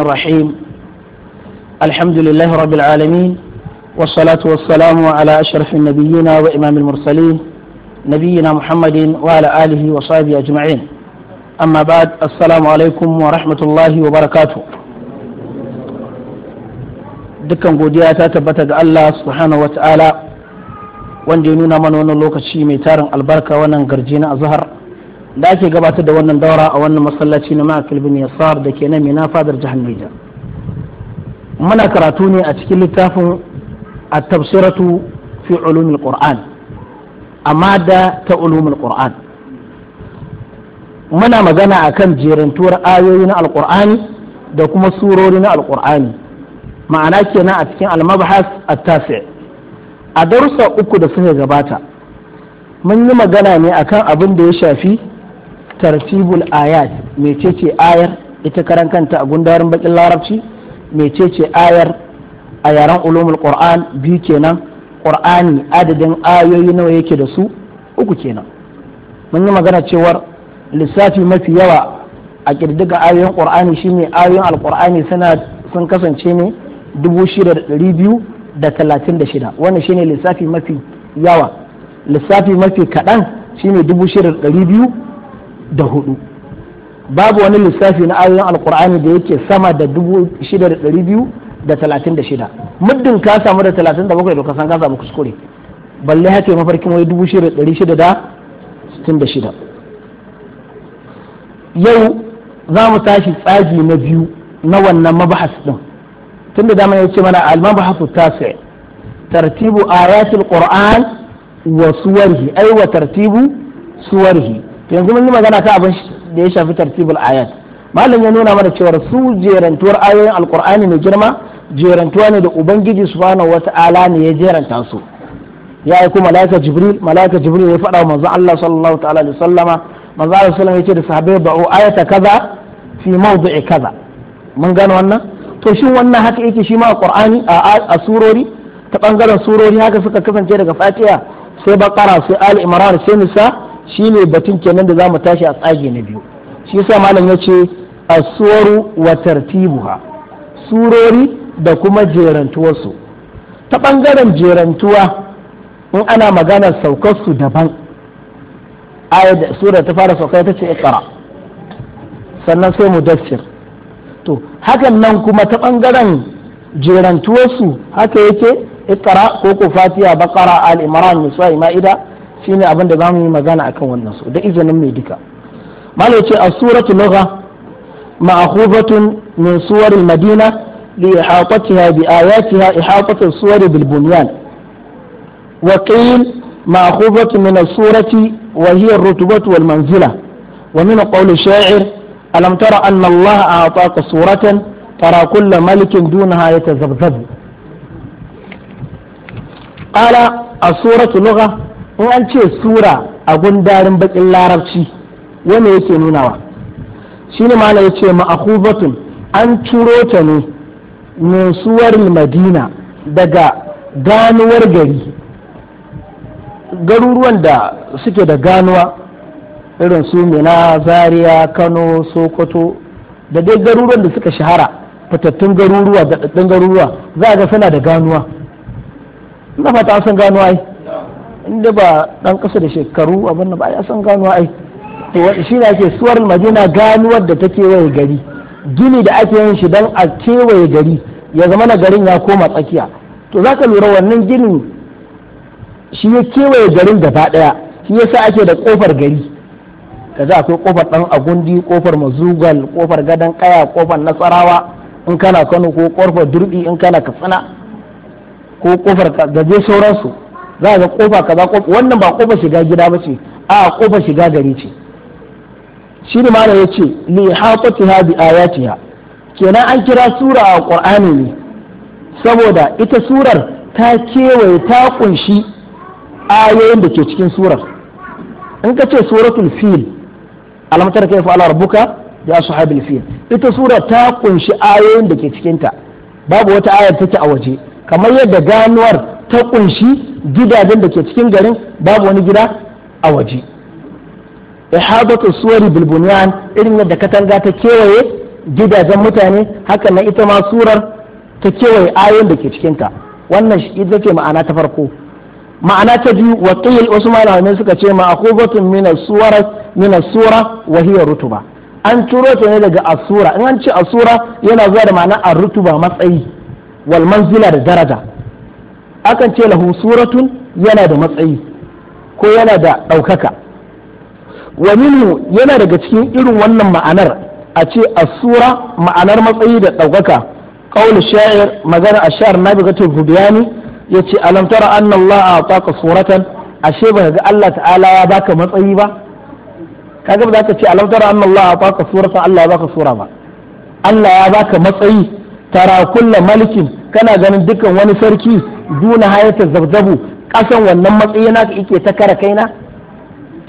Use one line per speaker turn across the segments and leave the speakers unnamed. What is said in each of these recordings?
الرحيم الحمد لله رب العالمين والصلاة والسلام على أشرف النبيين وإمام المرسلين نبينا محمد وعلى آله وصحبه أجمعين أما بعد السلام عليكم ورحمة الله وبركاته dukkan godiya ta tabbata ga Allah subhanahu wa ta'ala wanda ya nuna mana wannan lokaci mai tarin albarka wannan garji na azhar da ake gabatar da wannan daura a wannan masallaci na ma'akil bin yasar da ke nan mina fadar jihar muna karatu ne a cikin littafin a tafsiratu fi ulumin qur'an amma da ta Ulumin qur'an muna magana a kan jerentuwar ayoyi na alqur'ani da kuma surori na alqur'ani ma'ana kenan a cikin almabhas a at a darussa uku da suka gabata mun yi magana ne akan abin da ya shafi tartibul ayat mecece ayar ita karan kanta a gundarin bakin larabci mecece ayar a yaren ulumul qur'an biyu kenan qur'ani adadin ayoyi nawa yake da su uku kenan mun yi magana cewar lissafi mafi yawa a kirdiga ayoyin qur'ani shine ayoyin alqur'ani suna sun kasance ne dubu shida da ɗari biyu da talatin da shida wannan shine lissafi mafi yawa lissafi mafi kaɗan shine dubu shida da ɗari biyu da hudu babu wani lissafi na ayoyin alkur'ani da yake sama da dubu shida da ɗari biyu da talatin da shida muddin ka samu da talatin da bakwai to ka san ka samu kuskure balle hake mafarkin wani dubu shida da ɗari shida da sittin da shida yau za mu tashi tsagi na biyu na wannan mabahas din tunda dama ya ce mana al-mabahasu tasi tartibu ayatul qur'an wa suwarhi ay tartibu suwarhi yanzu mun yi magana ta abin da ya shafi tartibul ayat malam ya nuna mana cewa su jerantuwar ayoyin alqur'ani mai girma jerantuwa ne da ubangiji subhanahu wata'ala ne ya jeranta su ya aiko malaika jibril malaika jibril ya fada manzo Allah sallallahu ta'ala alaihi sallama manzo Allah sallallahu ya ce da sahabbai ba'u ayata kaza fi mawdi'i kaza mun gano wannan to shin wannan haka yake shi ma alqur'ani a surori ta bangaren surori haka suka kasance daga fatiha sai bakara sai ali imran sai nisa Shi ne batun kenan da za mu tashi a tsage na biyu shi yasa malam yace a suwaru wa tartibuha surori da kuma jerantuwarsu ta ɓangaren jerantuwa in ana magana saukar su daban ayar da sura ta fara sauka ta ce ikara sannan sai mudassir to hakan nan kuma ta ɓangaren jerantuwarsu haka yake ikara ko ku fatiya bakara al-imran ma'ida shine abin da zamu yi magana akan wannan su da izinin mai duka malai ce a suratu lugha ma'khubatun min suwar madina li ihatatiha bi ayatiha ihatatu as bil bunyan wa qil ma'khubatun min as-surati wa hiya ar-rutbatu wal manzila wa min qawl shair alam tara anna Allah a'taka suratan tara kullu malikin dunaha yatazabzab قال الصورة لغة in an ce sura a gundarin bakin larabci wanda yake nunawa shi ne ma'ana ya ce ma'akubatun an turo ta ne min madina daga ganuwar gari garuruwan da suke da ganuwa irin su mina zaria kano sokoto da dai garuruwan da suka shahara fitattun garuruwa da garuruwa za a ga suna da ganuwa na fata san ganuwa ai inda ba dan kasa da shekaru abin da ba ai san ganuwa ai to shi ne ake suwar madina ganuwar da ta kewaye gari gini da ake yin shi dan a kewaye gari ya zama na garin ya koma tsakiya to zaka lura wannan gini shi ya kewaye garin gaba daya shi yasa ake da kofar gari Ka za akwai kofar dan agundi kofar mazugal kofar gadan kaya kofar nasarawa in kana kano ko kofar durbi in kana katsina ko kofar gaje sauransu za a ga kofa kaza kofa wannan ba kofa shiga gida ba ce a kofa shiga gari ce shi ne mana ya ce li haqatiha bi ayatiha kenan an kira sura a ƙwar'ani ne saboda ita surar ta kewaye ta kunshi ayoyin da ke cikin surar in ka ce suratul fil alamtar kai fa'ala rabbuka ya ashabil fil ita surar ta ƙunshi ayoyin da ke cikinta babu wata ayar take a waje kamar yadda ganuwar ta kunshi gidajen da ke cikin garin babu wani gida a waje ihadatu suwari bil bunyan irin yadda katanga ta kewaye gidajen mutane haka na ita ma surar ta kewaye ayoyin da ke cikin ta wannan ita ce ma'ana ta farko ma'ana ta biyu wa qil usman al suka ce ma'qubatun min as-suwara min as-sura wa rutuba an turo ta ne daga asura in an ce asura yana zuwa da ma'ana ar-rutuba matsayi wal manzila da daraja akan ce lahu suratun yana da matsayi ko yana da ɗaukaka wa yana daga cikin irin wannan ma'anar a ce asura ma'anar matsayi da ɗaukaka qaul sha'ir magana a ashar nabigatul hubyani yace alam tara anna Allah ataka suratan ashe ba ga Allah ta'ala ya baka matsayi ba kaga ba za ka ce alam tara a Allah ataka suratan Allah ya baka sura ba Allah ya baka matsayi tara kulla malikin kana ganin dukkan wani sarki duna hayata zabzabu kasan wannan matsayi naka yake ta kara kaina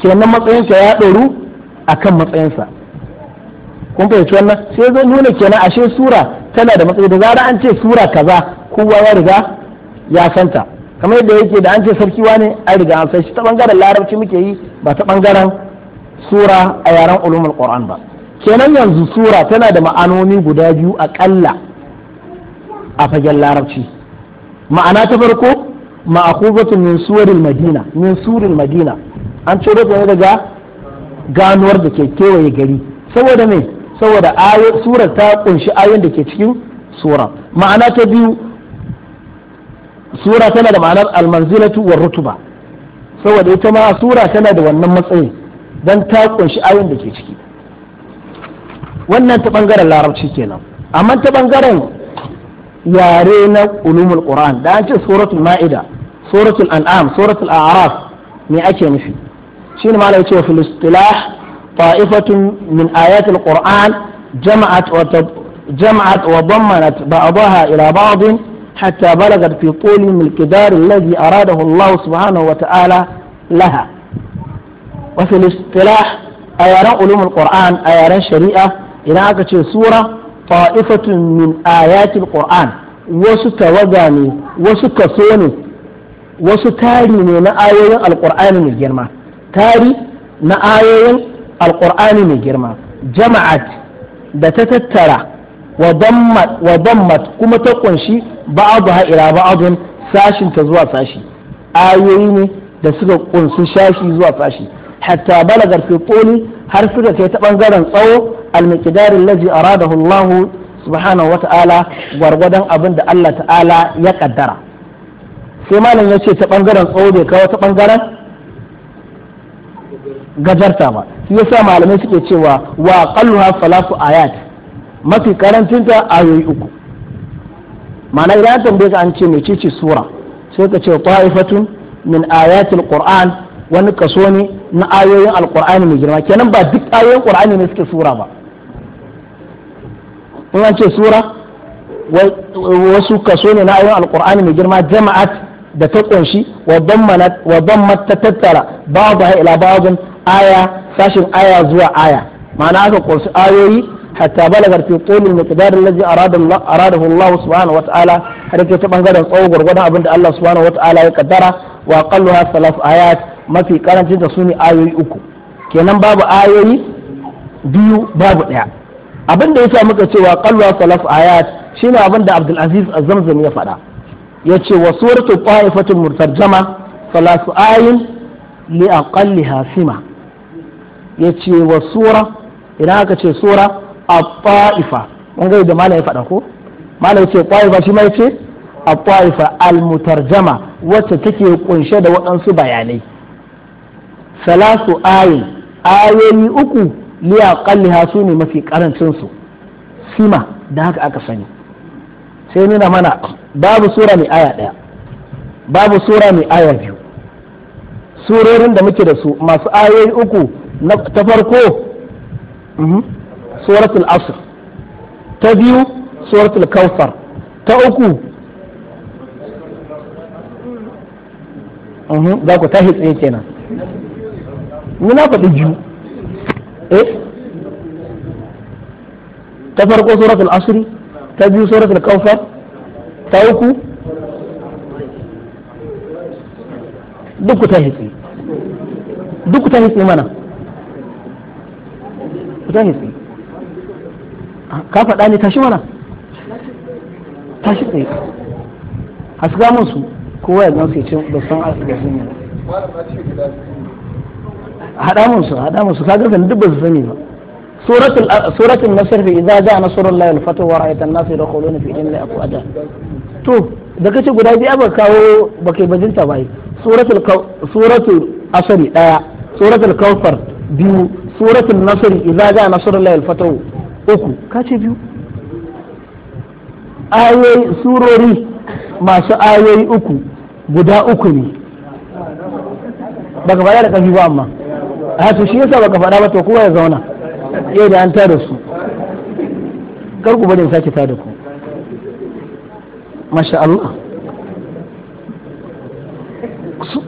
kenan matsayinsa ya ɗoru akan matsayinsa kun fahimci wannan sai zai nuna kenan ashe sura tana da matsayi da zara an ce sura kaza kowa ya riga ya santa kamar yadda yake da an ce sarki wane an riga an san ta bangaren larabci muke yi ba ta bangaren sura a yaren ulumul qur'an ba kenan yanzu sura tana da ma'anoni guda biyu akalla a fagen larabci ma'ana ta farko ma'akubatu min suwaril madina min suril madina an ciro ta daga ganuwar da ke kewaye gari saboda me saboda ayo surar ta kunshi ayoyin da ke cikin sura ma'ana ta biyu sura tana da ma'anar almanzilatu wa rutuba saboda ita ma sura tana da wannan matsayin dan ta kunshi ayoyin da ke ciki wannan ta bangaren larabci kenan amma ta bangaren yare na ulumul qur'an da an ce suratul ma'ida suratul an'am suratul a'raf me ake nufi shine ne ya ce fil istilah ta'ifatun min ayatil qur'an jama'at wa jama'at wa dammanat ba'daha ila ba'd hatta balagat fi quli milkidar alladhi aradahu Allah subhanahu wa ta'ala laha wa fil istilah ayaran ulumul qur'an ayaran shari'a idan aka ce sura ta'ifatun min ayatil qur'an wasu tawaga ne wasu kaso ne wasu tari ne na ayoyin alqur'ani mai girma tari na ayoyin alqur'ani mai girma jama'at da ta tattara wa dammat kuma ta kunshi ba'daha ila ba'dun sashin ta zuwa sashi ayoyi ne da suka kunsu sashi zuwa sashi hatta balagar fi quli har suka kai ta bangaren tsawo al-miqdar allazi aradahu Allah subhanahu wa ta'ala gwargwadon abin da Allah ta'ala ya kaddara sai malam ya ce ta bangaren tsawo bai kawo ta bangaren gajarta ba shi yasa malamai suke cewa wa qalluha salatu ayat mafi karantinta ayoyi uku ma'ana idan tambaye ka an ce mecece sura sai ka ce ta'ifatun min ayatul qur'an wani kaso ne na ayoyin alkur'ani mai girma kenan ba duk ayoyin qur'ani ne suke sura ba in an ce sura wasu kaso ne na ayoyin alkur'ani mai girma jama'at da ta kunshi wa dammat ta tattara babu ila babun aya sashin aya zuwa aya ma'ana aka kunshi ayoyi hatta balagar fi qulil miqdar allazi aradahu Allah subhanahu wata'ala har ta bangaren tsawo gurgurdan abin da Allah subhanahu wata'ala ya kaddara wa aqalluha thalath ayat mafi karancin su ne ayoyi uku kenan babu ayoyi biyu babu ɗaya abin da sa muka cewa qalwa salaf ayat shine abin da Abdul Aziz Az-Zamzam ya faɗa yace wa suratul qa'ifatul murtarjama salasu ayin li aqalliha Ya yace wa sura idan aka ce sura at-ta'ifa mun ga da malai ya faɗa ko malai ce qaifa shi ma yace at-ta'ifa al-mutarjama wacce take kunshe da waɗansu bayanai salasu ayin ayoyi uku liya kalliha su ne mafi karancin su sima da haka aka sani sai nuna mana babu sura mai aya ɗaya babu sura mai aya biyu surorin da muke da su masu ayoyi uku ta farko uhm, suratul asr ta biyu suratul kawfar ta uku uhm, za ku tashi tsaye kenan ni na faɗi biyu eh ta farko suratul asri ta biyu suratul kawfar ta uku duk ku ta hitsi duk ku ta hitsi mana ku ta hitsi ka faɗa ne tashi mana tashi tsaye A haska musu kowa ya gansu ya ce ba san asibiti ne hada su hada musu kaga kan duk ba su sani ba suratul suratul nasr fi idza jaa nasrullahi wal fathu wa ra'aytan nas yadkhuluna fi dinillahi afwaja to da kace guda biyu ba kawo ba kai bajinta ba suratul suratul asri daya suratul kawfar biyu suratul nasr idza jaa nasrullahi wal fathu uku kace biyu ayoyi surori masu ayoyi uku guda uku ne baka bayar da kafi ba amma a ah, su shi yasa baka faɗa ba to kowa ya zauna yau da an tada su kar ku bari in sake tada ku masha Allah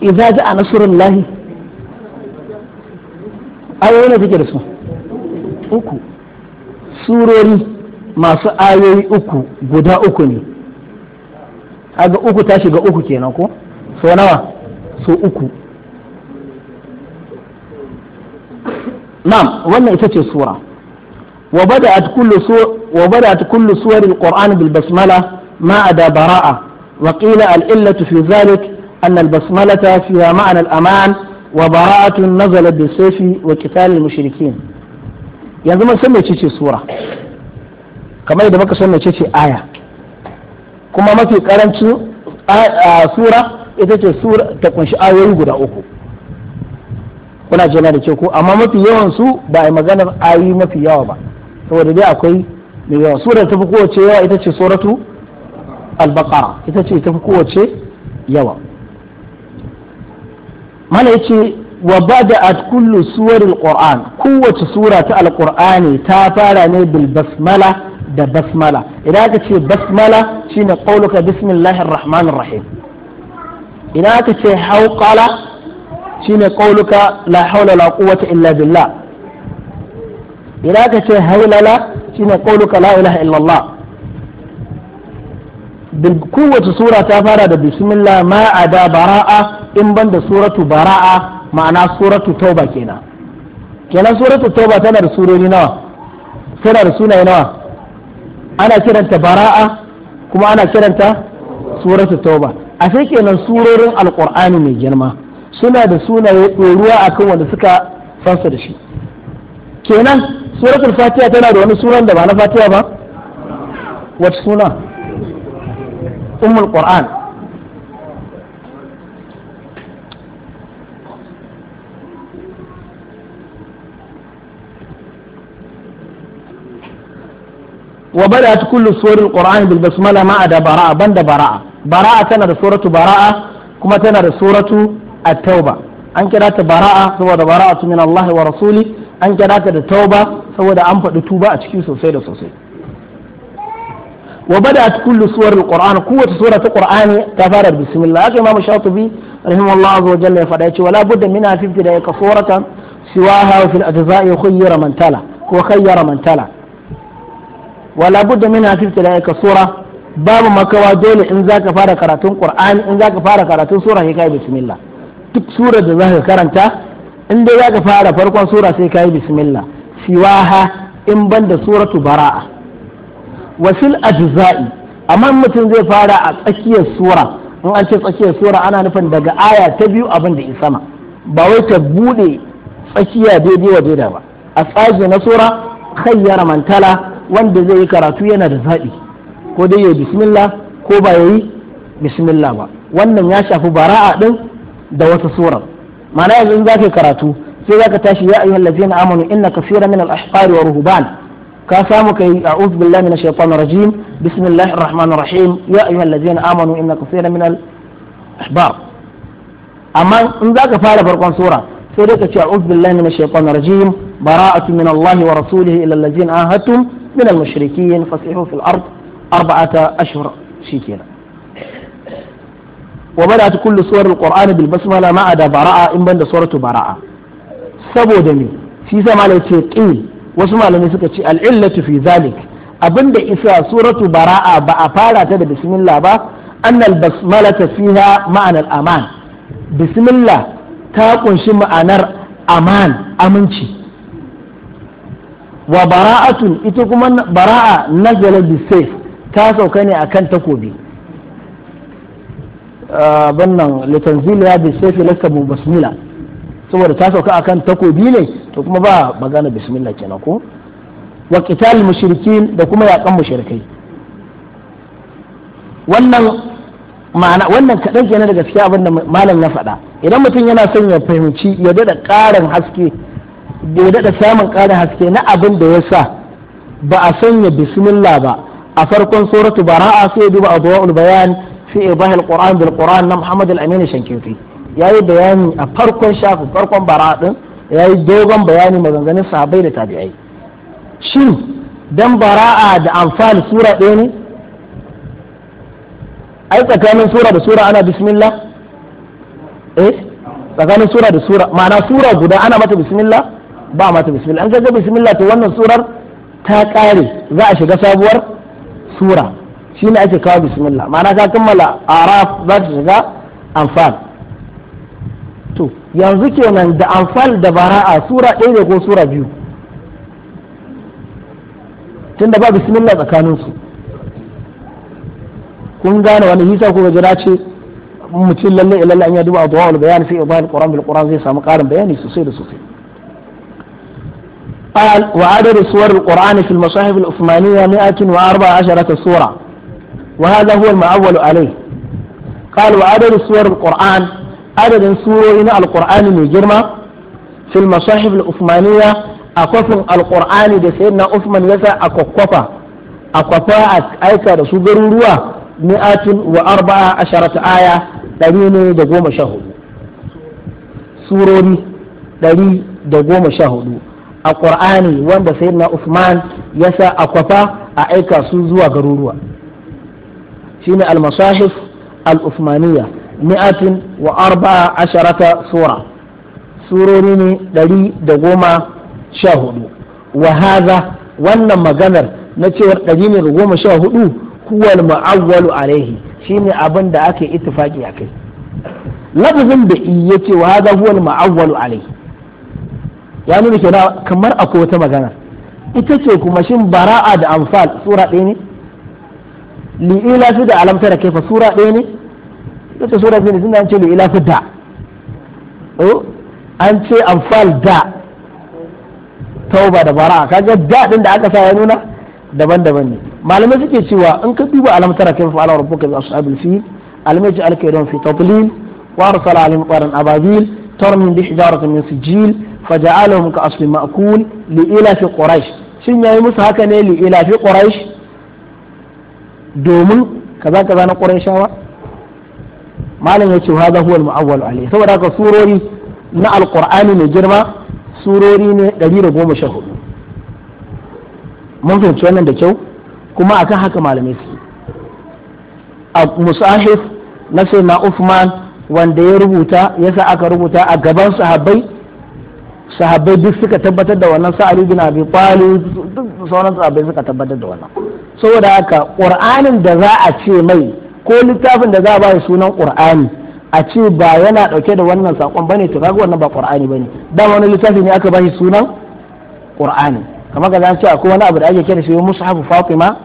idza ja'a lahi
ayoyi ne take da su uku surori masu ayoyi uku guda uku ne aga uku tashi ga uku kenan ko so nawa so uku na'am wannan ita ce sura wa bada'at kullu wa bada'at kullu suwar alquran bara'a wa al illatu fi zalik anna al basmalata fiha ma'na al aman wa bara'atun nazala bis sayfi wa qital al yanzu mun ce sura kamar da muka san ce aya kuma mafi karancin sura ita ce sura ta kunshi ayoyi guda uku kuna na da ke ko amma mafi yawan su ba a maganar ayi mafi yawa ba saboda dai akwai mai yawa sura ta fi kowace yawa ita ce suratu al ita ce ta fi kowace yawa mana yace wa bada'at kullu suwaril qur'an kowace sura ta alqur'ani ta fara ne bil basmala da basmala idan aka ce basmala shine qauluka bismillahir rahmanir rahim idan aka ce hawqala shine qauluka la haula la quwwata illa billah idan ka ce haulala shine qauluka la ilaha illa bil kowace sura ta fara da bismillah ma ada bara'a in ban da suratu bara'a ma'ana suratu tauba kenan kenan suratu tauba tana da surori nawa tana da sunaye nawa ana kiranta bara'a kuma ana kiranta suratu tauba a sai kenan surorin alkur'ani mai girma suna da sunaye a kan wanda suka sansa da shi kenan suratul fatiha tana da wani sunan da ba na fatiha ba wata suna umul qur'an وبدأت كل سور القرآن بالبسملة ما عدا bara'a. بند براءة براءة تنا سورة براءة كما da سورة a tauba an kira ta bara'a saboda bara'atu min Allah wa rasuli an kira ta da tauba saboda an faɗi tuba a ciki sosai da sosai wa bada'at kullu suwar al-qur'an kowace sura ta qur'ani ta fara da bismillah haka imam shatibi rahimahullah azza wa jalla ya faɗa cewa la budda min afif da ka suratan siwaha fil ajza'i khayyara man tala ko khayyara man tala wa la budda min afif ka babu makawa dole in zaka fara karatun in zaka fara karatun sura sai bismillah duk surar da za ka karanta in dai za ka fara farkon sura sai ka yi bismillah siwaha in ban da suratu bara'a wasil ajza'i amma mutum zai fara a tsakiyar sura in an ce tsakiyar sura ana nufin daga aya ta biyu abin da sama ba wai ta bude tsakiya daidai wa daidai ba a tsaji na sura khayyara mantala wanda zai yi karatu yana da zaɓi ko dai ya bismillah ko ba yayi bismillah ba wannan ya shafi bara'a din da wasu surar ma'ana yanzu in za ka karatu sai za ka tashi ya ayyuhal ladzina amanu inna kaseera min al-ahbari wa ruhban ka samu kai a'udhu billahi minash shaitanir rajim bismillahir rahmanir rahim ya ayyuhal ladzina amanu inna kaseera min al-ahbar amma in za ka fara farkon sura sai dai ka ce a'udhu billahi minash shaitanir rajim bara'atu min Allah wa rasulihi ila alladzina ahadtum min al-mushrikeen fasihu fil ard arba'ata ashhur shikenan wa da kullu suwar alqur'ani bil basmala ma ada bara'a in banda suratu bara'a saboda me shi sa malai ce qil wasu malamai suka ci al illatu fi zalik abinda isa suratu bara'a ba a fara ta da bismillah ba annal basmalata fiha ma'anar aman bismillah ta ƙunshi ma'anar aman aminci wa bara'atun ita kuma bara'a nazala bi ta sauka ne a kan takobi abin nan litanziliya bi sayfi lakabu basmila saboda ta sauka akan takobi ne to kuma ba magana bismillah kenan ko wa qital mushrikin da kuma yaƙan mushrikai wannan ma'ana wannan kaɗan kenan daga cikin abin da malam ya faɗa idan mutum yana son ya fahimci ya dada ƙarin haske ya dada samun ƙarin haske na abin da ya sa ba a sanya bismillah ba a farkon suratu bara'a sai ya duba adwa'ul bayan fi ibahil qur'an bil qur'an na muhammad al-amin shankiti yayi bayani a farkon shafin farkon bara din yayi dogon bayani maganganun sahabbai da tabi'ai shin dan bara'a da amfani sura ɗaya ne ai tsakanin sura da sura ana bismillah eh tsakanin sura da sura ma'ana sura guda ana mata bismillah ba mata bismillah an ga bismillah to wannan surar ta kare za a shiga sabuwar sura shi ne ake kawo bismillah ma'ana ka kammala araf za ta shiga anfal to yanzu kenan da anfal da bara'a sura ɗaya ne ko sura biyu tunda ba bismillah tsakaninsu kun gane wani hisa ko gajira ce mutum lalle ilalla an ya duba adwa wal bayan sai idhar alquran bil quran zai samu karin bayani sosai da sosai قال وعدد سور القرآن في المصاحف العثمانية عشرة سورة وهذا هو المعول عليه قال وعدد سور القرآن عدد سورين القرآن من جرمة في المصاحف الأثمانية أكفن القرآن دي سيدنا أثمان يسا أكوكوفا أكوفا أيكا رسول بروروا مئة وأربعة عشرة آية دليني دقوم شهد سوروني دليل دقوم شهد a ƙur'ani wanda sayyidina Usman ya sa akwafa a aika su zuwa garuruwa shine al-masahif al usmaniyya mi'atun wa arba'a asharata sura surori ne ɗari da goma sha hudu wa wannan maganar na cewar ɗari ne da goma sha hudu huwal ma'awwalu alaihi shine abinda ake aka yi ittifaki a da i ya ce wa haza huwal ya nuna kenan kamar a wata magana ita ce kuma shin bara'a da amfal sura ɗaya ne li ila su da alam tara kefa sura ɗaya ne ita sura biyu ne tunda an ce li ila fi da oh, an ce anfal da tauba da bara kaga da din da aka sa ya nuna daban-daban ne malamai suke cewa in ka duba alam tara kaifa fa'ala rabbuka bi ashabil fil alam yaj'al kaydahum fi tadlil wa arsala alaihim qaran ababil tarmin bi hijaratin min sijil faja'alahum ka asli ma'kul li ila fi quraish shin yayi musu haka ne li ila fi quraish domin kaza kaza na shawa malam wa za huwa al-mu'awwal saboda haka surori na alqur'ani mai girma surori ne 114 mun fahimci wannan da kyau kuma akan haka malamai su a musahif na na Uthman wanda ya rubuta yasa aka rubuta a gaban sahabbai sahabbai duk suka tabbatar da wannan sa'ali bin abi kwali duk sauran sahabbai suka tabbatar da wannan saboda haka qur'anin da za a ce mai ko littafin da za a ba sunan qur'ani a ce ba yana dauke da wannan sakon bane to kaga wannan ba qur'ani bane dama wani littafi ne aka ba sunan qur'ani kamar ga zan ce akwai wani abu da ake kira shi mushafu fatima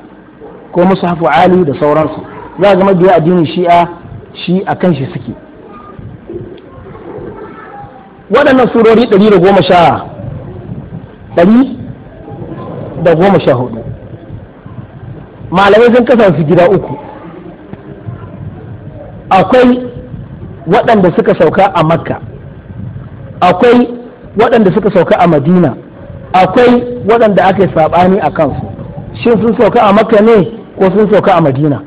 ko mushafu ali da sauransu za ga mabiya addinin shi'a shi akan shi suke waɗannan surori ɗari da goma sha ɗari da goma sha hudu malamai sun kasa su gida uku akwai waɗanda suka sauka a makka akwai waɗanda suka sauka a madina akwai waɗanda aka yi saɓani a kansu shin sun sauka a makka ne ko sun sauka a madina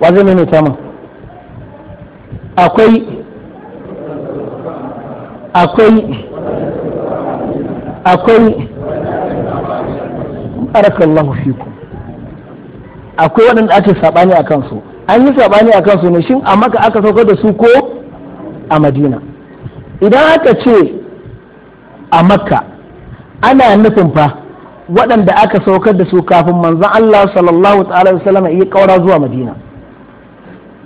wa zai maimaita min akwai akwai akwai barakallahu fikum akwai waɗanda ake saɓani a kansu an yi saɓani a kansu ne shin a ka aka saukar da su ko a madina idan aka ce a makka ana nufin fa waɗanda aka saukar da su kafin manzon Allah sallallahu ta'ala ya ƙaura zuwa madina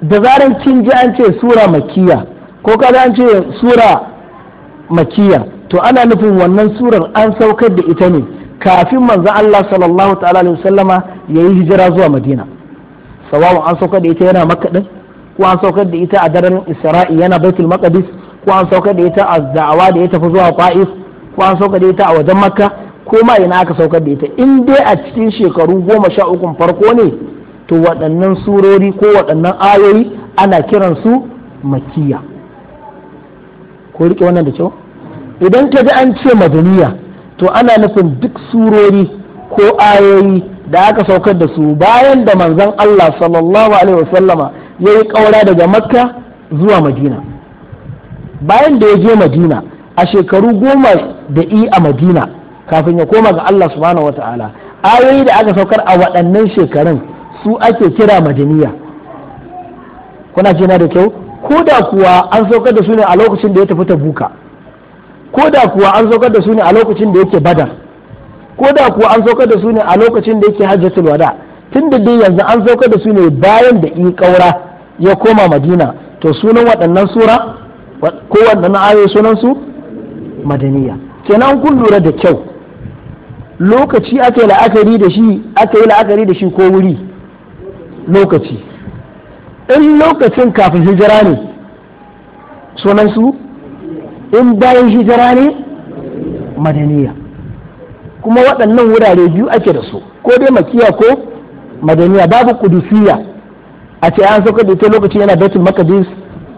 da zaran kin ji an ce sura makiya ko kada an ce sura makiya to ana nufin wannan surar an saukar da ita ne kafin manzo Allah sallallahu ta'ala alaihi wasallama yayi hijira zuwa Madina sawawa an saukar da ita yana Makka din ko an saukar da ita a daren Isra'i yana Baitul Maqdis ko an saukar da ita a da'awa da ya tafi zuwa Qa'if ko an saukar da ita a wajen Makka ko ma ina aka saukar da ita in dai a cikin shekaru goma sha uku farko ne to waɗannan surori ko waɗannan ayoyi ana kiransu makiya ko riƙe wannan da kyau idan ka ji an ce madaniya to ana nufin duk surori ko ayoyi da aka saukar da su bayan da manzon Allah sallallahu alaihi wasallama ya yi ƙaura daga makka zuwa madina bayan da ya je madina a shekaru goma da i a madina kafin ya koma ga Allah subhanahu wata'ala ayoyi da aka saukar a waɗannan shekarun su ake kira madaniya kuna jina da kyau ko da kuwa an saukar da su ne a lokacin da ya tafi ta buka. ko da kuwa an saukar da su ne a lokacin da yake badar ko da kuwa an saukar da su ne a lokacin da yake hajjatul wada tun da dai yanzu an saukar da su ne bayan da in kaura ya koma madina to sunan waɗannan sura ko waɗannan ayoyi sunan su madaniya kenan kun lura da kyau lokaci aka yi la'akari da shi aka yi la'akari da shi ko wuri lokaci in lokacin kafin hijira ne sunan su in bayan hijira ne madaniya kuma waɗannan wurare biyu ake da su ko dai makiya ko madaniya babu kudusiya a ce an sauka da ita lokaci yana baitul makadis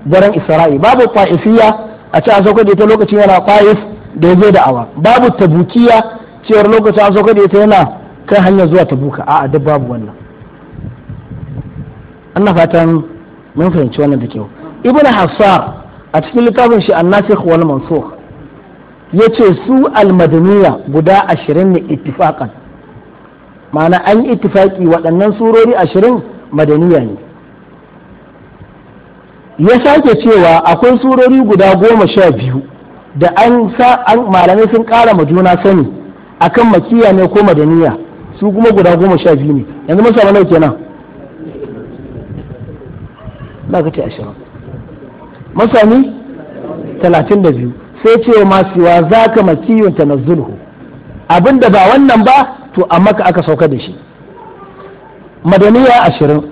daren isra'i babu qa'ifiya a ce an sauka da ita lokaci yana qa'if da yazo da awa babu tabukiya cewar lokacin an sauka da ita yana kan hanyar zuwa tabuka a'a duk babu wannan ana fatan mun fahimci wannan da kyau ibnu hassar a cikin littafin shi annasikh wal mansukh ce su almadaniya guda ashirin ne ittifaqan ma'ana an yi ittifaki waɗannan surori ashirin madaniya ne ya sake cewa akwai surori guda goma sha biyu da an sa an malamai sun ƙara ma juna sani akan makiya ne ko madaniya su kuma guda goma sha biyu ne yanzu masa samu nau kenan na kace ashirin masani talatin da biyu sai ce ma siwa za ka na zulhu abin da ba wannan ba to a maka aka sauka da shi madaniya ashirin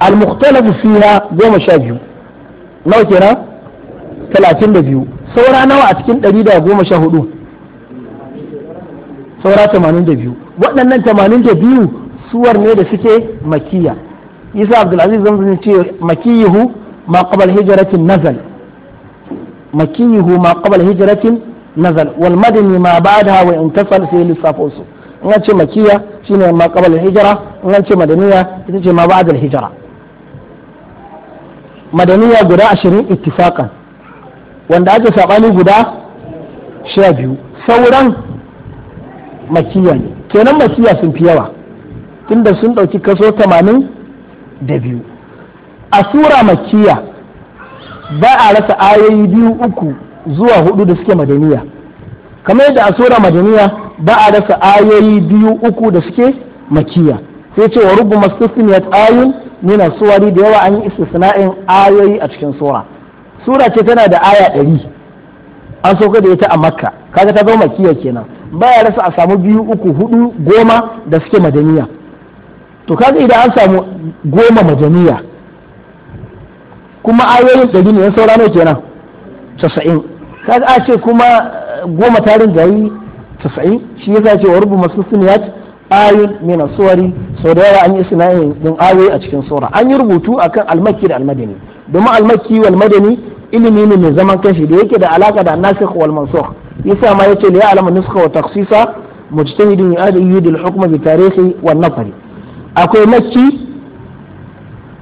al fiya goma sha biyu nawa kenan talatin da biyu saura nawa a cikin ɗari da goma sha hudu saura tamanin da biyu waɗannan tamanin da biyu suwar ne da suke makiya isa abdulaziz zamzani ce makiyihu ما قبل هجرة نزل مكيه ما قبل هجرة نزل والمدني ما بعدها وانتصل في لسافوسو in an ce makiya shine ma qabala hijira in ce madaniya ita ce ma ba'da hijira madaniya guda ashirin ittifaqan wanda ake sabani guda sha biyu sauran makiya kenan makiya sun fi yawa tunda sun dauki kaso tamanin da biyu a sura makkiya ba a rasa ayoyi biyu uku zuwa hudu da suke madaniya kamar yadda a sura madaniya ba a rasa ayoyi biyu uku da suke makiya sai ce wa rubu mastasniyat ayun nuna suwari da yawa an yi istisna'in ayoyi a cikin sura sura ce tana da aya ɗari an sauka da ita a makka kaga ta zama makiya kenan baya rasa a samu biyu uku hudu goma da suke madaniya to kaga idan an samu goma madaniya kuma ayoyin ɗari ne yan saura ne kenan casa'in kaga a ce kuma eh, goma tarin gari casa'in shi yasa ce wa rubu masu suniyat ayoyin mina suwari sau da yawa an yi sina'in ɗin ayoyi a cikin saura an yi rubutu akan almakki da almadani domin almakki wal madani ilimi ne mai zaman kashi da yake da alaka da nasikh wal mansukh yasa ma yace li ya'lamu nuskha wa takhsisa mujtahidun yu'addu al-hukma bi tarihi wan nafari akwai makki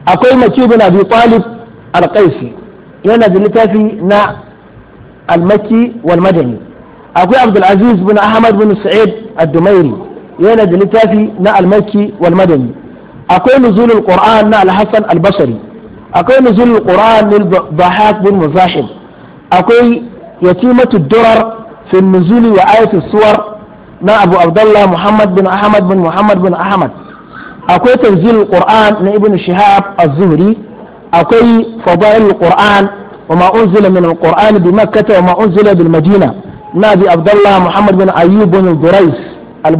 akwai makki bin abi talib alƙaisi yana da littafi na almaki wal akwai abdulaziz bin ahmad bin sa'id ad-dumairi yana da littafi na almaki walmadani akwai nuzulul qur'an na al-hasan al-basri akwai nuzulul qur'an lil bahak bin muzahib akwai yatimatu durar fi nuzuli wa ayatu suwar na abu abdullah muhammad bin ahmad bin muhammad bin ahmad akwai tanzilul qur'an na ibn shihab az-zuhri akwai fadail qur'an wa ma unzila min al bi makkah wa ma unzila bil madina nabi abdullah muhammad bin ayyub bin durais al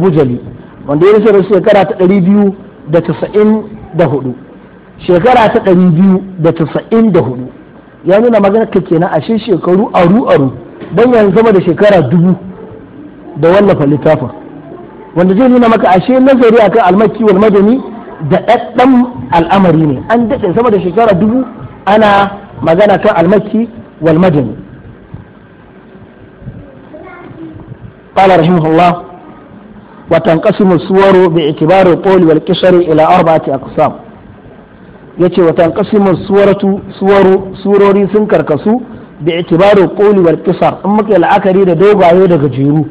wanda ya rasu shekara ta 294 shekara ta 294 ya nuna magana ka kenan ashe shekaru aru aru dan yanzu sama da shekara dubu da wallafa littafin wanda zai nuna maka ashe nazari akan almakki wal madani Da daɗaɗɗen al'amari ne an daɗe sama da shekara dubu ana magana kan almakki wal madani قال رحمه الله وتنقسم الصور باعتبار القول والقشر إلى أربعة أقسام yace wa tanqasimu suwaratu suwaru surori sun karkasu bi itibaru ƙoli wal qisar in muka la'akari da dogaye daga jeru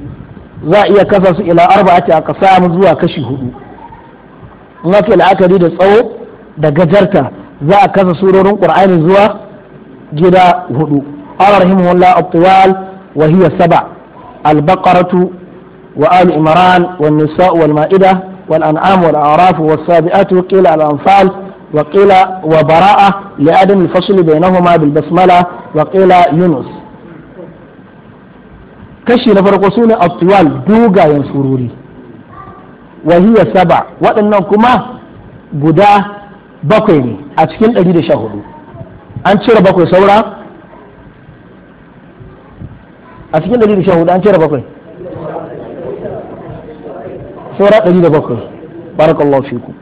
za a iya kasa su ila arba'ati aqsam zuwa kashi hudu in la'akari da tsawo da gajarta za a kasa surorin qur'ani zuwa gida hudu qala rahimahullah at wa hiya saba al wa al imran wa nisa wal ma'ida wal an'am wal a'raf was sabiatu qila al anfal wa qila wa bara'a li adam al bainahuma bil basmala wa qila yunus kashi na farko sune at-tiwal dogayen surori wa saba waɗannan kuma guda bakwai ne a cikin ɗari da sha hudu an cire bakwai saura a cikin ɗari da sha hudu an cire bakwai saura ɗari da bakwai barakallahu fiku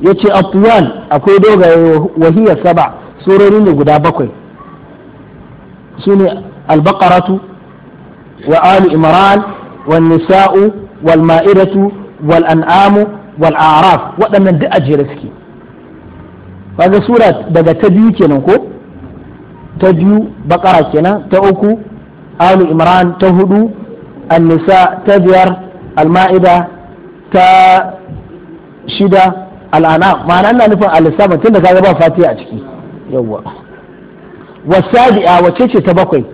ya ce atuwan akwai dogaye wahiyar saba surori ne guda bakwai su ne albakaratu wa ali imran wa nisa'u wal ma'idatu wal an'amu wal araf waɗannan duk ajere suke kaga sura daga ta biyu kenan ko ta biyu kenan ta uku alu imran ta hudu annisa ta biyar alma'ida ta shida al'ana ma'ana na nufin al-lissafa tun da kaga ba fatiha a ciki yawwa wasabi'a wacce ce ta bakwai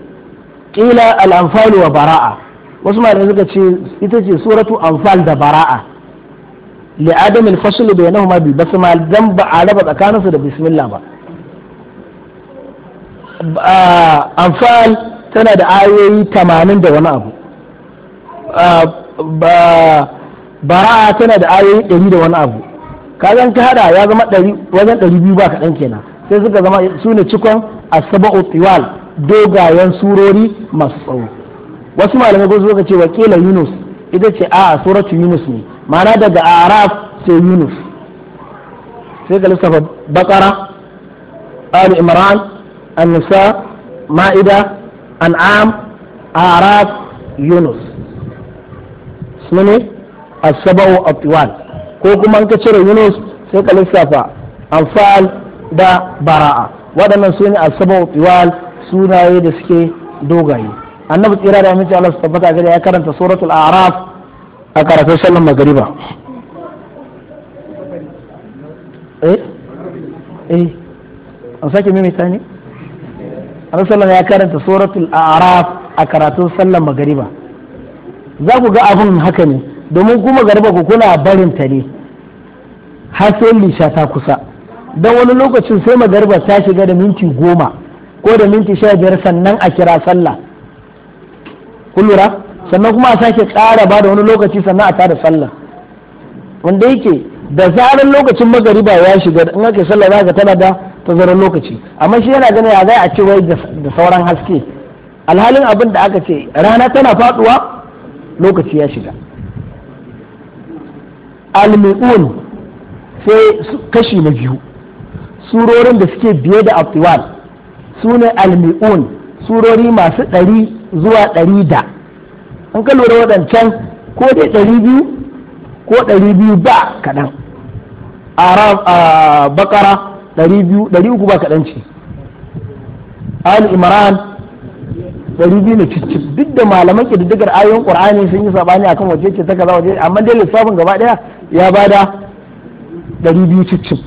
Ƙila al-anfal wa bara'a wasu malamai suka ce ita ce suratu anfal da bara'a li adam al fasl bainahuma bi basmal dan ba a raba tsakaninsu da bismillah ba anfal tana da ayoyi 80 da wani abu bara'a tana da ayoyi 100 da wani abu kayan ka hada ya zama wajen 200 ba kaɗan kenan sai suka zama su ne cikon asaba'u tiwal dogayen surori masu tsawo wasu malamai ko suka ce wa kila yunus ita ce a suratu yunus ne ma'ana daga araf sai yunus sai ka lissafa bakara al imran an-nisa ma'ida an'am araf yunus su ne as-sab'u ko kuma an ka cire yunus sai ka lissafa anfal da bara'a waɗannan su ne as-sab'u sunaye da suke dogaye annabi tsira da aminci Allah su tabbata gare ya karanta suratul a'raf a karatun sallan magariba eh? eh an sake mimita ne sallan ya karanta suratul a'raf a karatun sallan magariba za ku ga abun haka ne domin kuma magariba ku kuna barin ta ne har sai lisha ta kusa don wani lokacin sai magariba ta shiga da minti goma ko da minti sha biyar sannan a kira sallah kun lura sannan kuma a sake ƙara ba da wani lokaci sannan a tada sallah wanda yake da zarar lokacin magariba ya shiga in ake sallah za ka tana da tazarar lokaci amma shi yana gani ya zai a ce wai da sauran haske alhalin abin da aka ce rana tana faduwa lokaci ya shiga almi'un sai kashi na biyu surorin da suke biye da abduwal su ne almi'un surori masu ɗari zuwa ɗari da an ka lura waɗancan ko dai ɗari biyu ko ɗari biyu ba kaɗan a bakara ɗari biyu ɗari uku ba kaɗan ce ali imran ɗari biyu na cicci duk da malaman ƙididdigar ayoyin ƙur'ani sun yi saɓani akan waje ce ta kaza waje amma dai lissafin gaba ɗaya ya ba da ɗari biyu cicci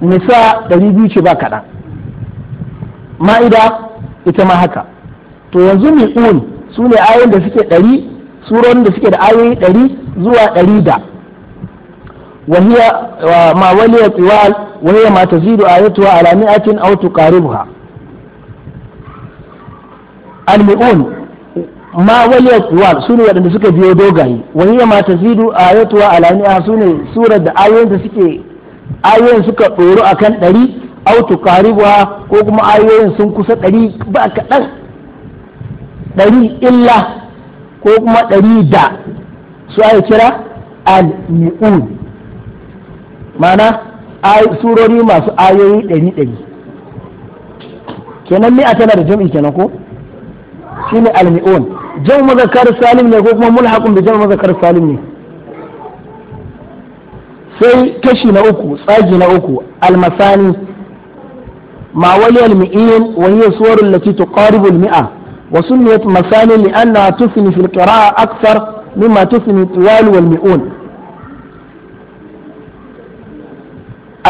nisa ɗari biyu ce ba kaɗan ma'ida ita ma haka to yanzu mi'un su ne ayoyin da suke ɗari surorin da suke da ayoyi ɗari zuwa ɗari da wahiya ma wani ya tsiwal wahiya ma ta zidu a yatuwa alami akin autu karibuha almi'un ma wani ya tsiwal su ne waɗanda suka biyo dogaye wahiya ma ta zidu a yatuwa alami a su ne surar da ayoyin da suke ayoyin suka ɗoro a kan ɗari autu karibuha ko kuma ayoyin sun kusa ɗari ba kaɗan ɗari illa ko kuma ɗari da su ake kira al-mi'un mana surori masu ayoyi ɗari ɗari kenan mi'a tana da jam'i kenan ko shine al-mi'un jan mazakar salim ne ko kuma mulhaqun da jan mazakar salim ne sai kashi na uku tsagi na uku al-masani ma wali al-mi'in wani hiya lati tuqaribu mia وسميت مثاني لأنها تثني في القراءة أكثر مما تثني الطوال والمئون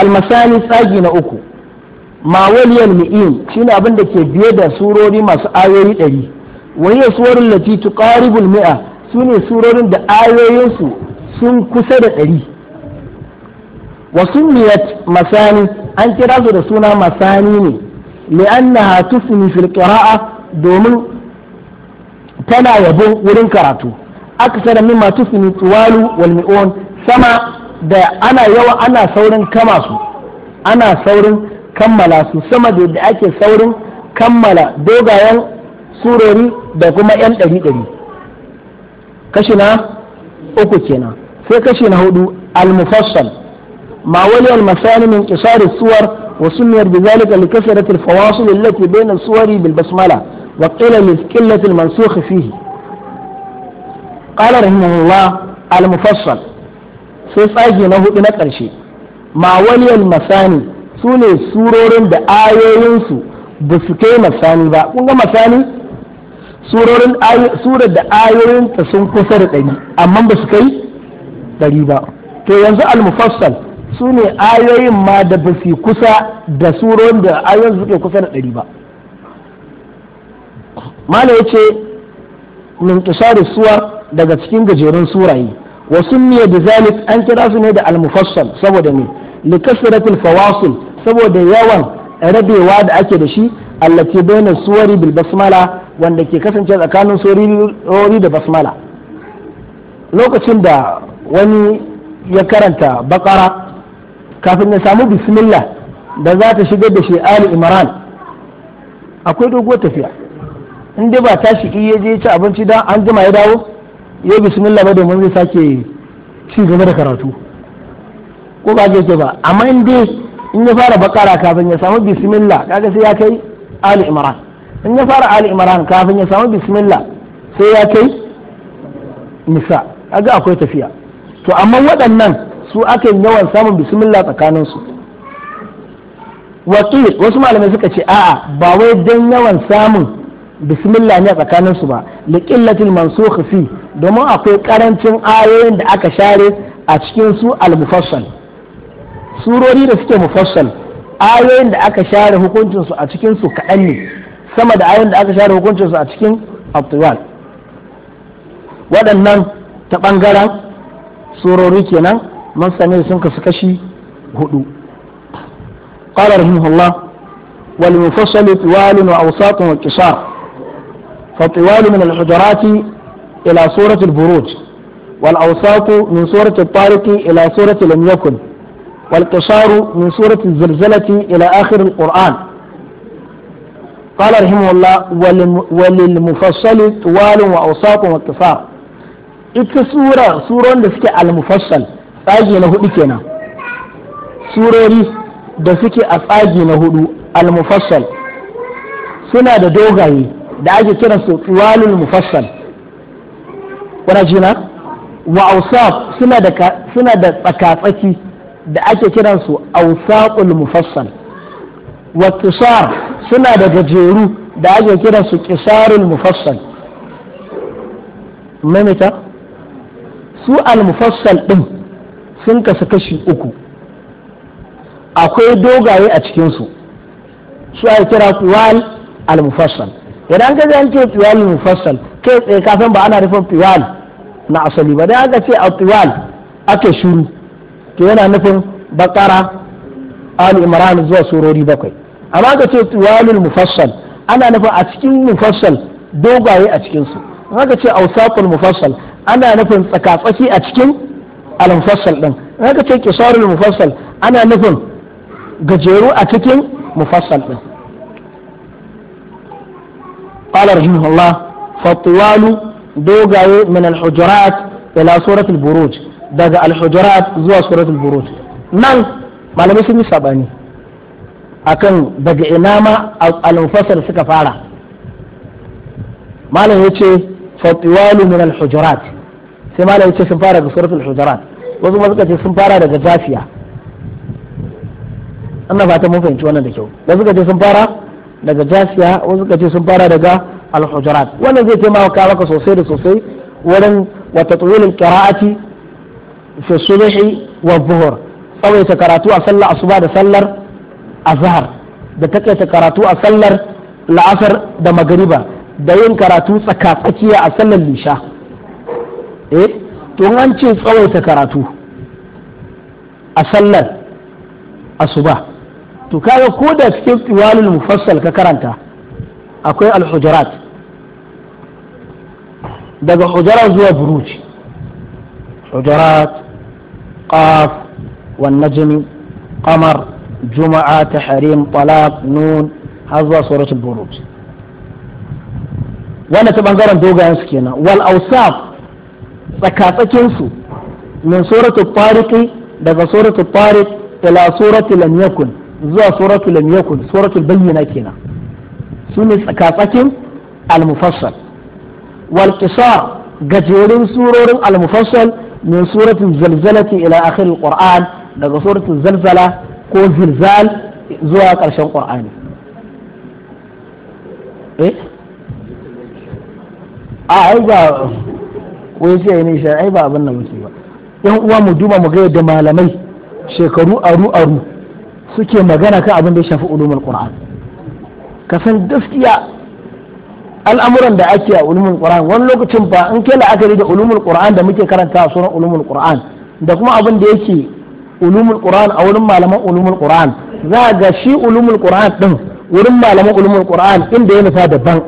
المثاني ساجين أكو ما ولي المئين شين أبندك دك بيدا سوروري ما سآيوي أي وهي سور التي تقارب المئة سوني سورور دا آيوي سو سن كسر أي وسميت مثاني أنت رازو رسونا مثاني لأنها تثني في القراءة دومن tana yabo wurin karatu aksara masu fini tuwalu wal mi'un sama da ana yawa ana saurin kama su ana saurin kammala su sama da yadda ake saurin kammala dogayen surori da kuma yan ɗari ɗari kashi na uku kenan sai kashi na hudu al-mufassal ma wali al-masani min qisar suwar wa sunniyar bi zalika li kasrati al-fawasil allati bayna suwari bil basmala وقيل للقلة المنسوخ فيه قال رحمه الله المفصل sai tsagi na hudu na ƙarshe ma waliyal masani su ne surorin da ayoyinsu ba su kai masani ba kun masani surorin da ayoyinta sun kusa da ɗari amma ba su kai ɗari ba to yanzu al-mufassal su ne ayoyin ma da ba su kusa da da ayoyin kusa da ɗari ba malai yace min qisari suwa daga cikin gajerun surayi wa sunniya da zalik an kira su ne da al-mufassal saboda ne li fawasil saboda yawan rabewa da ake da shi allati baina suwari bil basmala wanda ke kasance tsakanin surori da basmala lokacin da wani ya karanta bakara kafin ya samu bismillah da za ta shigar da shi ali imran akwai doguwar tafiya in dai ba tashi iya je ci abinci dan an jima ya dawo ya bismillah ba domin zai sake ci gaba da karatu ko ba ke ba amma in dai in ya fara bakara kafin ya samu bismillah kaga sai ya kai ali imran in ya fara ali imran kafin ya samu bismillah sai ya kai nisa kaga akwai tafiya to amma waɗannan su yi yawan samun bismillah tsakanin su wasu malamai suka ce a'a ba wai don yawan samun bismillah ne a tsakanin su ba liqillatil mansukh fi domin akwai karancin ayoyin da aka share a cikin su al-mufassal surori da suke mufassal ayoyin da aka share hukuncin su a cikin su kaɗan ne sama da ayoyin da aka share hukuncin su a cikin abtiwal waɗannan ta ɓangaren surori kenan masani sun kasu kashi hudu قال رحمه الله والمفصل طوال وأوساط وقصار فطوال من الحجرات إلى سورة البروج والأوساط من سورة الطارق إلى سورة لم يكن والقصار من سورة الزلزلة إلى آخر القرآن قال رحمه الله وللمفصل طوال وأوساط وقصار ita sura surorin da suke al-mufassal tsagi na hudu kenan surori da suke a tsagi na hudu al-mufassal suna da dogaye da ake kiran su tuwalul mufassal kuna jina wa awsaf suna da suna da tsakatsaki da ake kiran su awsaqul mufassal wa qisar suna da gajeru da ake kiran su qisarul mufassal mamita su al mufassal din sun kasu kashi uku akwai dogaye a cikinsu su ake kira tuwal al mufassal idan ka zai ce tiwal mufassal kai tsaye ka ba ana nufin tiwal na asali ba dan aka ce a tuwal ake shuru to yana nufin bakara ali imran zuwa surori bakwai amma ka ce mu mufassal ana nufin a cikin mufassal dogaye a cikin su ka ce ausaqul mufassal ana nufin tsakatsaki a cikin al mufassal din ka ce qisarul mufassal ana nufin gajeru a cikin mufassal din قال رحمه الله فالطوال دوغاي من الحجرات إلى سورة البروج daga alhujurat zuwa suratul buruj nan malamai sun yi sabani akan daga ina ma al-mufassal suka fara malam yace fatiwalu min al-hujurat sai malam yace sun fara daga suratul hujurat wasu ma suka sun fara daga jafiya ana fata mun fahimci da kyau sun fara daga jasiya wasu ka ce sun fara daga al-hujurat wannan zai taimaka maka sosai da sosai wurin wata tsohilin qira'ati fi subhi wa dhuhr tsawaita karatu a sallar asuba da sallar azhar da takaita karatu a sallar la'asar da magariba da yin karatu tsakatsakiya a sallar lisha eh to an ce tsawaita karatu a sallar asuba to kaga ko da cikin tiwalul mufassal ka karanta akwai alhujarat daga hujurat zuwa buruj hujarat qaf wan najm qamar juma'a tahrim talaq nun har zuwa suratul buruj wanda ta bangaren dogayen su kenan wal awsaf tsakatsakin su min suratul tariq daga suratul tariq ila suratul lam yakun zuwa suratul lam yakun suratul bayyina kenan sune tsakatsakin al-mufassal wal qisar gajerun surorin al-mufassal min suratul zalzalati ila akhir al-qur'an daga suratul zalzala ko zilzal zuwa karshen qur'ani eh a ai ba wai sai ne shi ai ba abin nan muke ba yan uwa mu duba mu ga yadda malamai shekaru aru aru suke magana kan abin da ya shafi ulumul qur'an ka san gaskiya al'amuran da ake a ulumul qur'an wani lokacin ba in kai la'akari da ulumul qur'an da muke karanta a sunan ulumul qur'an da kuma abin da yake ulumul qur'an a wurin malaman ulumul qur'an za ga shi ulumul qur'an din wurin malaman ulumul qur'an inda ya nufa daban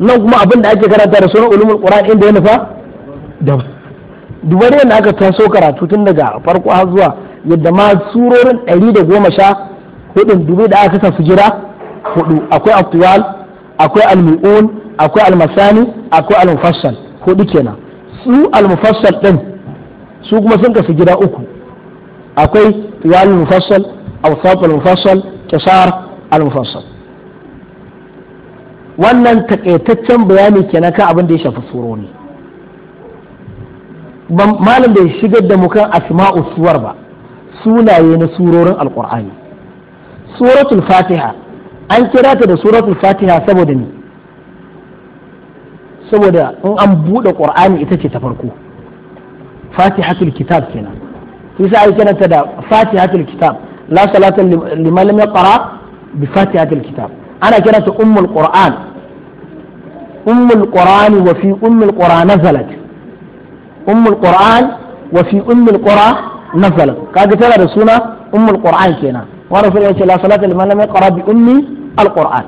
nan kuma abin da ake karanta da sunan ulumul qur'an inda ya nufa daban wani yadda aka taso karatu tun daga farko har zuwa yadda ma surorin ɗari da goma sha hudun dubu da aka kasa su jira hudu akwai aktuwal akwai almu'un akwai almasani akwai almufassal hudu kenan su almufassal ɗin su kuma sun kasu gida uku akwai tuwal mufassal awsaf mufassal kisar almufassal wannan takaitaccen bayani kenan kan abin da ya shafi suroni malam bai shigar da mu kan asma'u suwar ba sunaye na surorin alkur'ani suratul fatiha an kira ta da suratul fatiha saboda ni saboda in an buɗe ƙur'ani ita ce ta farko fatihatul kitab kenan sai sai ai ta da fatihatul kitab la salata liman lam yaqra bi fatihatul kitab ana kira ta ummul qur'an ummul qur'ani wa fi ummul qur'an nazalat ummul qur'an wa fi ummul qur'an nazalat kaga tana da suna ummul qur'an kenan wa rasul ya ce la salata liman lam yaqra bi ummi alquran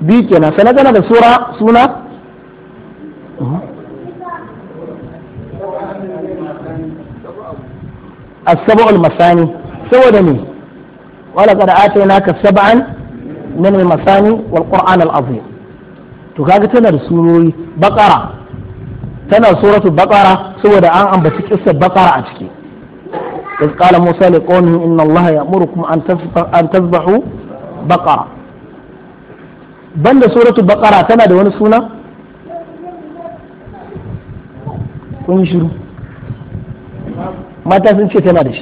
bi kenan sana tana da sura suna السبع المثاني سوى دمي ولقد آتيناك سبعا من المثاني والقرآن العظيم تكاك تنا سوري بقرة تنا سورة بقرة سوى دا أن أنبتك إسا بقرة أتكي إذ قال موسى لقومه إن الله يأمركم أن أن تذبحوا بقرة بند سورة البقرة تنا دون سونا كون شروع ما تاسن شي تنا دش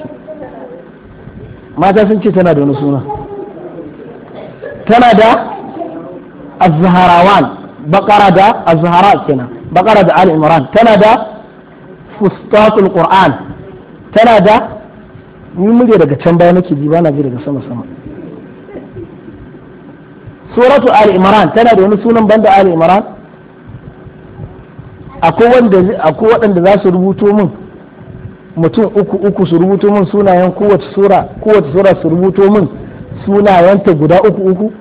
ما تاسن شي تنا دون سونا تنا دا الزهراوان بقرة دا الزهراء كنا بقرة دا آل عمران تنا دا فسطاط القرآن تنا دا ni murya daga can baya nake ji bana ji daga sama sama suratu ali imran tana da wani sunan banda ali imran akwai wanda akwai waɗanda za su rubuto min mutum uku uku su rubuto min sunayen kowace sura kowace sura su rubuto min sunayenta guda uku uku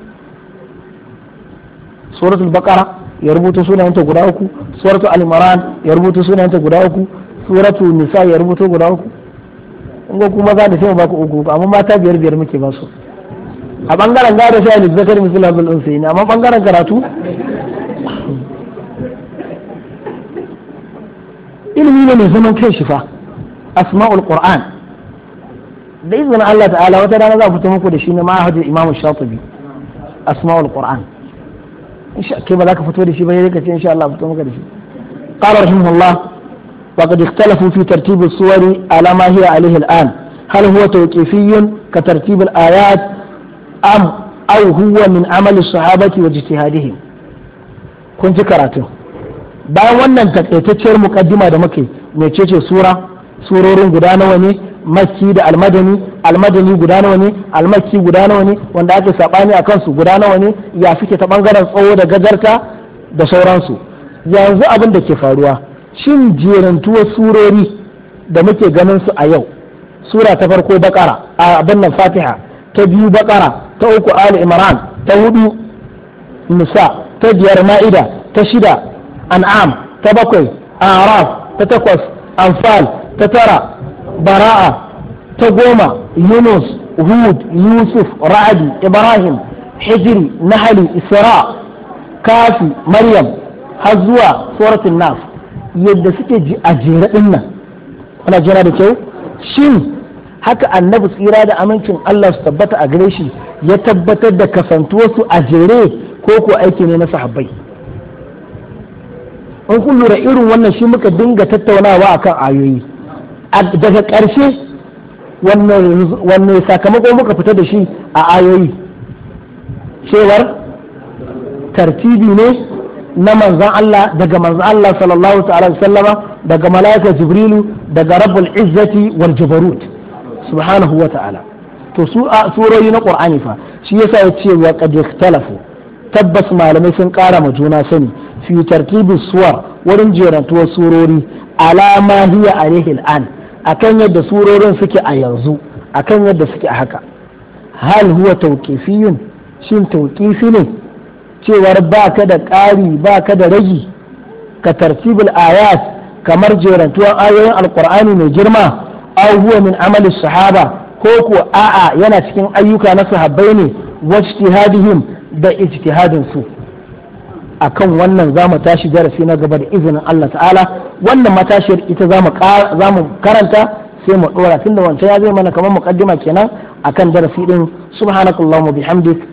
suratul baqara ya rubuto sunayenta guda uku suratul al imran ya rubuto sunayenta guda uku suratul nisa ya rubuto guda uku in ga kuma za da sai mu baka uku uku amma mata biyar biyar muke ba su a bangaren gado sai ne zakar misal abul ne, amma bangaren karatu ilimi ne mai zaman kai shi fa asma'ul qur'an da izinin Allah ta'ala wata rana za a fito muku da shi ne ma'ahadin imamu shatibi asma'ul qur'an ke ba za ka fito da shi ba ne ka ce insha Allah fito muku da shi qala rahimahullah وقد اختلفوا في ترتيب الصور على ما هي عليه الآن هل هو توقيفي كترتيب الآيات أم أو هو من عمل الصحابة واجتهادهم كنت كراتو bayan wannan takaitacciyar muƙaddima da muke mecece sura surorin guda nawa ne makki da almadani almadani guda nawa ne almakki guda nawa ne wanda ake sabani akan su guda nawa ne ya suke ta bangaren tsawo da gajarta da sauransu yanzu abin da ke faruwa cin jerantuwar surori da muke ganin su a yau sura ta farko bakara a abin fatiha ta biyu bakara ta uku ali imran ta hudu nisa ta biyar ma'ida ta shida an'am ta bakwai araf ta takwas anfal ta tara bara'a ta goma yunus hud yusuf ra'adi ibrahim hijri nahali isra kafi maryam har zuwa suratul nas yadda suke a jere din nan kuna jira da kyau shin haka annabi tsira da amincin Allah su tabbata a gare shi ya tabbatar da kasantuwarsu a jere ko ko aiki ne na sahabbai in kun lura irin wannan shi muka dinga tattaunawa akan ayoyi daga ƙarshe wanne sakamako muka fita da shi a ayoyi cewar tartibi ne na manzan Allah daga manzan Allah sallallahu ta'ala sallama daga mala'ika jibrilu daga rabbul izzati wal jabarut subhanahu wa ta'ala to su a surori na qur'ani fa shi yasa ya ce wa qad ikhtalafu tabbas malamai sun kara ma juna sani fi tartibi suwar wurin jerantuwar surori alama hiya alaihi al'an akan yadda surorin suke a yanzu akan yadda suke a haka hal huwa tawqifiyun shin tawqifi ne cewar ba ka da ƙari ba ka da ragi ka tartibul ayat kamar jerantuwan ayoyin alkur'ani mai girma au huwa min amali sahaba ko ko a'a yana cikin ayyuka na sahabbai ne wajtihadihim da ijtihadin su akan wannan za mu tashi darasi na gaba da izinin Allah ta'ala wannan matashiyar ita za mu karanta sai mu dora tunda wancan ya zai mana kamar muqaddima kenan akan darasi din subhanakallahumma bihamdika